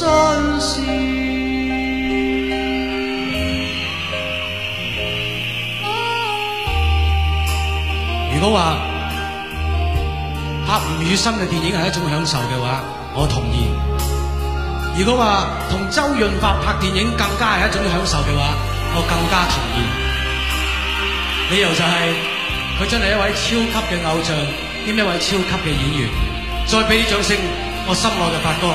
真啊、如果話拍吳宇森嘅電影係一種享受嘅話，我同意；如果話同周潤發拍電影更加係一種享受嘅話，我更加同意。理由就係、是、佢真係一位超級嘅偶像，兼一位超級嘅演員。再俾啲掌聲，我心愛嘅發哥。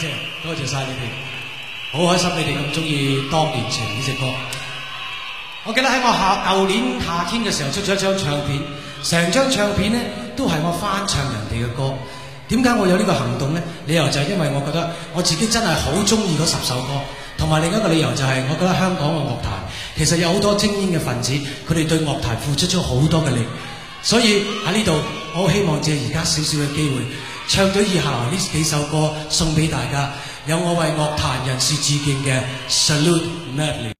多謝，多謝晒你哋，好開心你哋咁中意當年情呢隻歌。我記得喺我下舊年夏天嘅時候出咗張唱片，成張唱片呢都係我翻唱人哋嘅歌。點解我有呢個行動呢？理由就係因為我覺得我自己真係好中意嗰十首歌，同埋另一個理由就係我覺得香港嘅樂壇其實有好多精英嘅分子，佢哋對樂壇付出咗好多嘅力，所以喺呢度我希望借而家少少嘅機會。唱咗以下呢幾首歌送俾大家，有我為樂壇人士致敬嘅 Salute Medley。